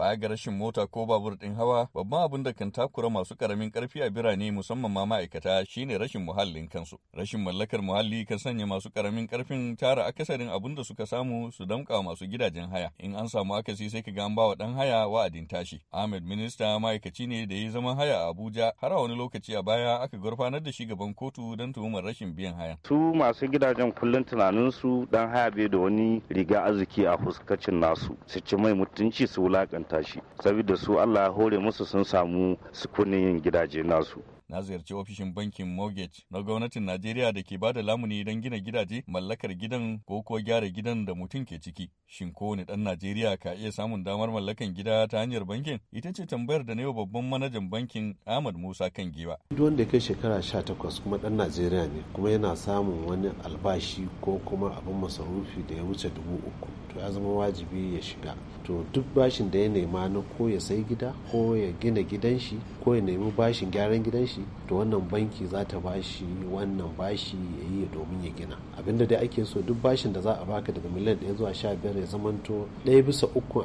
Baya ga rashin mota ko babur ɗin hawa, babban abin da kan takura masu karamin karfi a birane musamman ma ma'aikata shine rashin muhallin kansu. Rashin mallakar muhalli kan sanya masu karamin karfin tara akasarin abin da suka samu su damka masu gidajen haya. In an samu akasi sai ka ga an bawa dan haya wa'adin tashi. Ahmed minista ma'aikaci ne da ya zama haya a Abuja har a wani lokaci a baya aka gurfanar da shi gaban kotu don tuhumar rashin biyan haya. Su masu gidajen kullum su dan haya bai da wani riga arziki a fuskacin nasu su ci mai mutunci su wulakan tashi saboda su Allah hore musu sun samu sukunin gidaje nasu na ziyarci ofishin bankin mortgage na gwamnatin Najeriya da ke bada lamuni don gina gidaje mallakar gidan ko ko gyara gidan da mutum ke ciki. Shin kowane dan Najeriya ka iya samun damar mallakan gida ta hanyar bankin? Ita ce tambayar da na yau babban manajan bankin Ahmad Musa kan giwa. Duk wanda kai shekara 18 kuma ɗan Najeriya ne kuma yana samun wani albashi ko kuma abin masarufi da ya wuce dubu uku. To ya zama wajibi ya shiga. To duk bashin da ya nema na ko ya sai gida ko ya gina gidan shi ko ya nemi bashin gyaran gidan shi bashi to wannan banki za ta bashi wannan bashi ya yi domin ya gina abinda dai ake so duk bashin da za a baka daga miliyan ɗaya zuwa sha biyar ya zamanto ɗaya bisa uku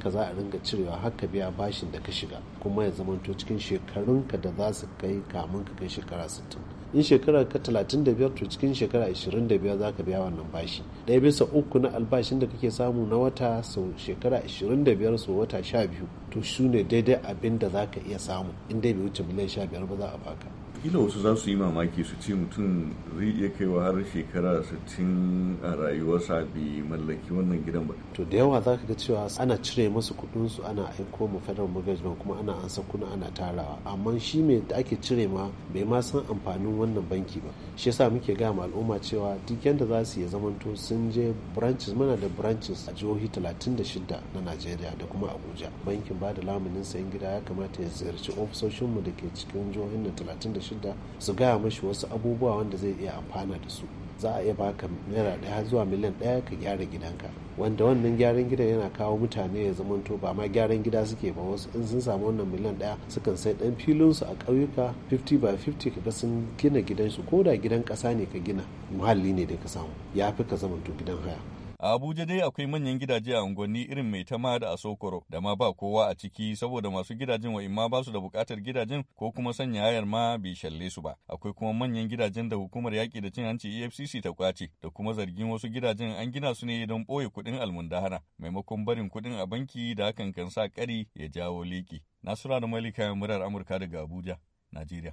ka za a ringa cirewa har ka biya bashin da ka shiga kuma ya zamanto cikin shekarun ka da za su kai kamun ka kai shekara sittin in shekara ka 35 to cikin shekara 25 za ka biya wannan bashi ɗaya bisa uku na albashin da kake samu na wata sau shekara 25 sau wata 12 to shi ne daidai abin da za ka iya samu in dai bai wuce miliyan 15 ba za a baka kila wasu za su yi mamaki su ce mutum zai iya kaiwa har shekara 60 a rayuwarsa bi mallaki wannan gidan ba to da yawa za ka ga cewa ana cire masu kudin su ana aiko mu federal mortgage bank kuma ana ansa kuna ana tarawa amma shi me da ake cire ma bai ma san amfanin wannan banki ba shi yasa muke ga ma al'umma cewa duk yanda za su ya zamanto sun je branches muna da branches a jihohi 36 na Najeriya da kuma Abuja bankin ba da lamunin sayan gida ya kamata ya ziyarci ofisoshinmu da ke cikin jihohin 36 da su gaya mashi wasu abubuwa wanda zai iya amfana da su za a iya baka naira ɗaya zuwa miliyan ɗaya ka gyara gidanka wanda wannan gyaran gidan yana kawo mutane ya zamanto ba ma gyaran gida suke ba wasu in sun samu wannan miliyan ɗaya sukan sai ɗan filinsu a ƙauyuka 50 by 50 kaga sun gina gidansu ko da gidan ƙasa ne ka gina muhalli ne da ka samu ya fi ka to gidan haya A Abuja dai akwai manyan gidaje a unguwanni irin mai tama da a sokoro da ma ba kowa a ciki saboda masu gidajen wa'imma ba su da bukatar gidajen ko kuma sanya hayar ma bai shalle su ba. Akwai kuma manyan gidajen da hukumar yaƙi da cin hanci EFCC ta kwace da kuma zargin wasu gidajen an gina su ne don ɓoye kuɗin almundahana maimakon barin kuɗin a banki da hakan kan sa ƙari ya jawo liƙi. Nasura da Malika murar Amurka daga Abuja, Najeriya.